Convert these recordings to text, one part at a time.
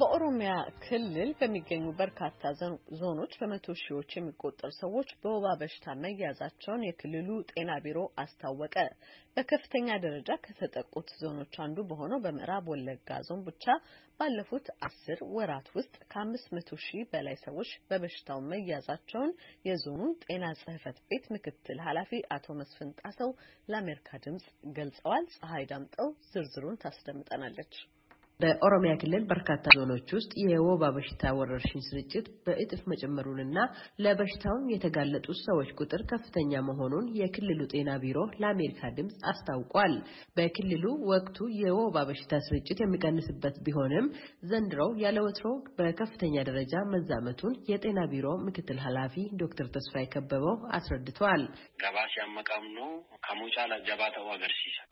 በኦሮሚያ ክልል በሚገኙ በርካታ ዞኖች በመቶ ሺዎች የሚቆጠሩ ሰዎች በወባ በሽታ መያዛቸውን የክልሉ ጤና ቢሮ አስታወቀ። በከፍተኛ ደረጃ ከተጠቁት ዞኖች አንዱ በሆነው በምዕራብ ወለጋ ዞን ብቻ ባለፉት አስር ወራት ውስጥ ከአምስት መቶ ሺህ በላይ ሰዎች በበሽታው መያዛቸውን የዞኑ ጤና ጽሕፈት ቤት ምክትል ኃላፊ አቶ መስፍን ጣሰው ለአሜሪካ ድምጽ ገልጸዋል። ፀሐይ ዳምጠው ዝርዝሩን ታስደምጠናለች። በኦሮሚያ ክልል በርካታ ዞኖች ውስጥ የወባ በሽታ ወረርሽኝ ስርጭት በእጥፍ መጨመሩንና ለበሽታውም የተጋለጡ ሰዎች ቁጥር ከፍተኛ መሆኑን የክልሉ ጤና ቢሮ ለአሜሪካ ድምፅ አስታውቋል። በክልሉ ወቅቱ የወባ በሽታ ስርጭት የሚቀንስበት ቢሆንም ዘንድሮው ያለ ወትሮ በከፍተኛ ደረጃ መዛመቱን የጤና ቢሮ ምክትል ኃላፊ ዶክተር ተስፋይ ከበበው አስረድተዋል።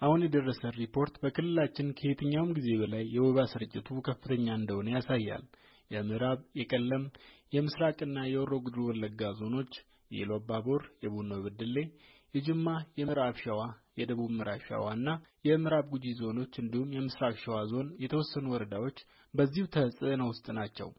አሁን የደረሰ ሪፖርት በክልላችን ከየትኛውም ጊዜ በላይ የወባ የወባ ስርጭቱ ከፍተኛ እንደሆነ ያሳያል። የምዕራብ፣ የቀለም የምሥራቅና የሆሮ ጉዱሩ ወለጋ ዞኖች፣ የኢሉባቡር፣ የቡኖ ብድሌ፣ የጅማ፣ የምዕራብ ሸዋ፣ የደቡብ ምዕራብ ሸዋ እና የምዕራብ ጉጂ ዞኖች እንዲሁም የምሥራቅ ሸዋ ዞን የተወሰኑ ወረዳዎች በዚሁ ተጽዕኖ ውስጥ ናቸው።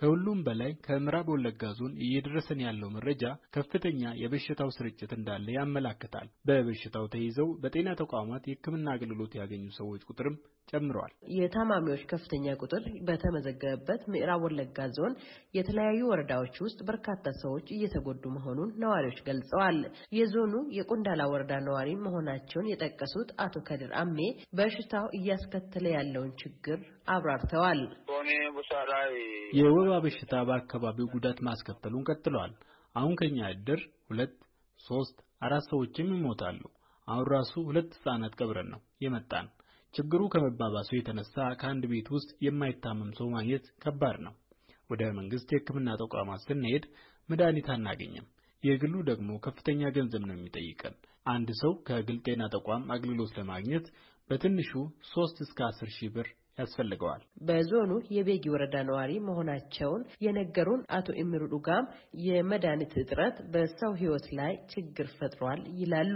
ከሁሉም በላይ ከምዕራብ ወለጋ ዞን እየደረሰን ያለው መረጃ ከፍተኛ የበሽታው ስርጭት እንዳለ ያመለክታል። በበሽታው ተይዘው በጤና ተቋማት የሕክምና አገልግሎት ያገኙ ሰዎች ቁጥርም ጨምረዋል። የታማሚዎች ከፍተኛ ቁጥር በተመዘገበበት ምዕራብ ወለጋ ዞን የተለያዩ ወረዳዎች ውስጥ በርካታ ሰዎች እየተጎዱ መሆኑን ነዋሪዎች ገልጸዋል። የዞኑ የቆንዳላ ወረዳ ነዋሪ መሆናቸውን የጠቀሱት አቶ ከድር አሜ በሽታው እያስከተለ ያለውን ችግር አብራርተዋል። የወባ በሽታ በአካባቢው ጉዳት ማስከተሉን ቀጥለዋል። አሁን ከኛ እድር ሁለት ሶስት አራት ሰዎችም ይሞታሉ። አሁን ራሱ ሁለት ህጻናት ቀብረን ነው የመጣን። ችግሩ ከመባባሱ የተነሳ ከአንድ ቤት ውስጥ የማይታመም ሰው ማግኘት ከባድ ነው። ወደ መንግሥት የሕክምና ተቋማት ስንሄድ መድኃኒት አናገኝም። የግሉ ደግሞ ከፍተኛ ገንዘብ ነው የሚጠይቀን። አንድ ሰው ከግል ጤና ተቋም አገልግሎት ለማግኘት በትንሹ ሦስት እስከ አስር ሺህ ብር ያስፈልገዋል። በዞኑ የቤጊ ወረዳ ነዋሪ መሆናቸውን የነገሩን አቶ ኢምሩ ዱጋም የመድኃኒት እጥረት በሰው ሕይወት ላይ ችግር ፈጥሯል ይላሉ።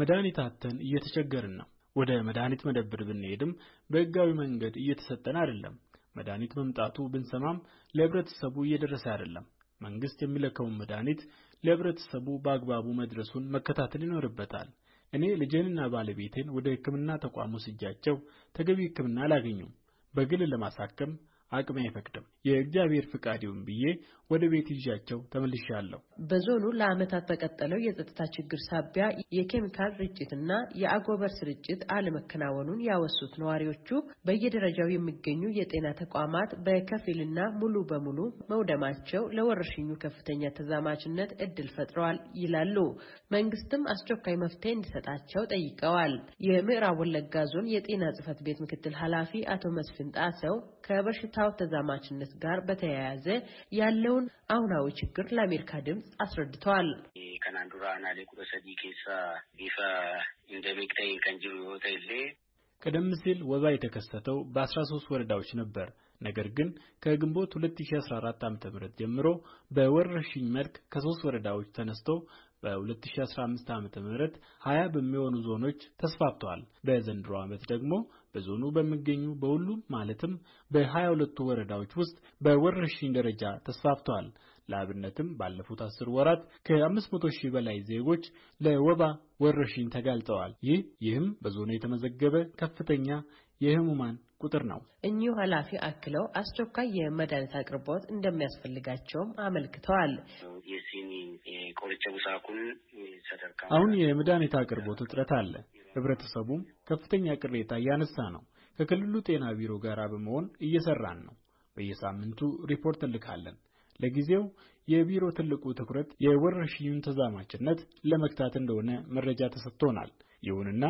መድኃኒት አተን እየተቸገርን ነው። ወደ መድኃኒት መደብር ብንሄድም በሕጋዊ መንገድ እየተሰጠን አይደለም። መድኃኒት መምጣቱ ብንሰማም ለህብረተሰቡ እየደረሰ አይደለም። መንግስት የሚለከውን መድኃኒት ለህብረተሰቡ በአግባቡ መድረሱን መከታተል ይኖርበታል። እኔ ልጄንና ባለቤቴን ወደ ሕክምና ተቋም ወስጃቸው ተገቢ ሕክምና አላገኙም በግል ለማሳከም አቅሜ አይፈቅድም የእግዚአብሔር ፍቃድ ይሁን ብዬ ወደ ቤት ይዣቸው ተመልሻለሁ። በዞኑ ለዓመታት በቀጠለው የጸጥታ ችግር ሳቢያ የኬሚካል ርጭትና የአጎበር ስርጭት አለመከናወኑን ያወሱት ነዋሪዎቹ በየደረጃው የሚገኙ የጤና ተቋማት በከፊልና ሙሉ በሙሉ መውደማቸው ለወረርሽኙ ከፍተኛ ተዛማችነት እድል ፈጥረዋል ይላሉ። መንግስትም አስቸኳይ መፍትሄ እንዲሰጣቸው ጠይቀዋል። የምዕራብ ወለጋ ዞን የጤና ጽህፈት ቤት ምክትል ኃላፊ አቶ መስፍን ጣሰው ከበሽታው ተዛማችነት ግንኙነት ጋር በተያያዘ ያለውን አሁናዊ ችግር ለአሜሪካ ድምፅ አስረድተዋል። ቀደም ሲል ወባ የተከሰተው በ13 ወረዳዎች ነበር። ነገር ግን ከግንቦት 2014 ዓ.ም ጀምሮ በወረርሽኝ መልክ ከሶስት ወረዳዎች ተነስቶ በ2015 ዓ.ም 20 በሚሆኑ ዞኖች ተስፋፍተዋል። በዘንድሮ ዓመት ደግሞ በዞኑ በሚገኙ በሁሉም ማለትም በሀያ ሁለቱ ወረዳዎች ውስጥ በወረርሽኝ ደረጃ ተስፋፍተዋል። ለአብነትም ባለፉት አስር ወራት ከአምስት መቶ ሺህ በላይ ዜጎች ለወባ ወረርሽኝ ተጋልጠዋል። ይህ ይህም በዞኑ የተመዘገበ ከፍተኛ የህሙማን ቁጥር ነው። እኚሁ ኃላፊ አክለው አስቸኳይ የመድኃኒት አቅርቦት እንደሚያስፈልጋቸውም አመልክተዋል። አሁን የመድኃኒት አቅርቦት እጥረት አለ። ህብረተሰቡም ከፍተኛ ቅሬታ እያነሳ ነው። ከክልሉ ጤና ቢሮ ጋር በመሆን እየሰራን ነው። በየሳምንቱ ሪፖርት እንልካለን። ለጊዜው የቢሮ ትልቁ ትኩረት የወረርሽኙን ተዛማችነት ለመግታት እንደሆነ መረጃ ተሰጥቶናል። ይሁንና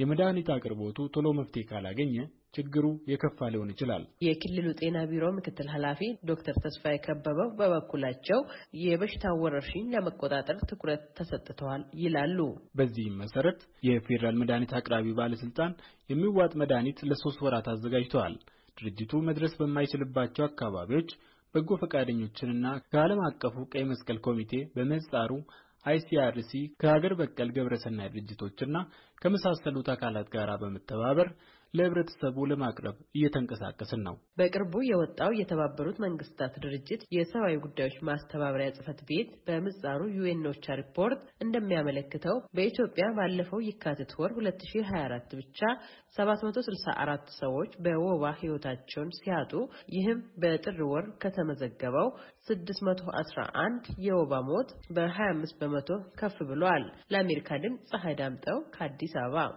የመድኃኒት አቅርቦቱ ቶሎ መፍትሄ ካላገኘ ችግሩ የከፋ ሊሆን ይችላል። የክልሉ ጤና ቢሮ ምክትል ኃላፊ ዶክተር ተስፋ የከበበው በበኩላቸው የበሽታ ወረርሽኝ ለመቆጣጠር ትኩረት ተሰጥተዋል ይላሉ። በዚህም መሰረት የፌዴራል መድኃኒት አቅራቢ ባለስልጣን የሚዋጥ መድኃኒት ለሶስት ወራት አዘጋጅተዋል። ድርጅቱ መድረስ በማይችልባቸው አካባቢዎች በጎ ፈቃደኞችንና ከዓለም አቀፉ ቀይ መስቀል ኮሚቴ በምህጻሩ አይሲአርሲ ከሀገር በቀል ግብረሰናይ ድርጅቶችና ከመሳሰሉት አካላት ጋር በመተባበር ለህብረተሰቡ ለማቅረብ እየተንቀሳቀስን ነው። በቅርቡ የወጣው የተባበሩት መንግስታት ድርጅት የሰብአዊ ጉዳዮች ማስተባበሪያ ጽሕፈት ቤት በምጻሩ ዩኤንኦቻ ሪፖርት እንደሚያመለክተው በኢትዮጵያ ባለፈው የካቲት ወር 2024 ብቻ 764 ሰዎች በወባ ሕይወታቸውን ሲያጡ ይህም በጥር ወር ከተመዘገበው 611 የወባ ሞት በ25 በመቶ ከፍ ብሏል። ለአሜሪካ ድምፅ ፀሐይ ዳምጠው ከአዲስ 啥吧？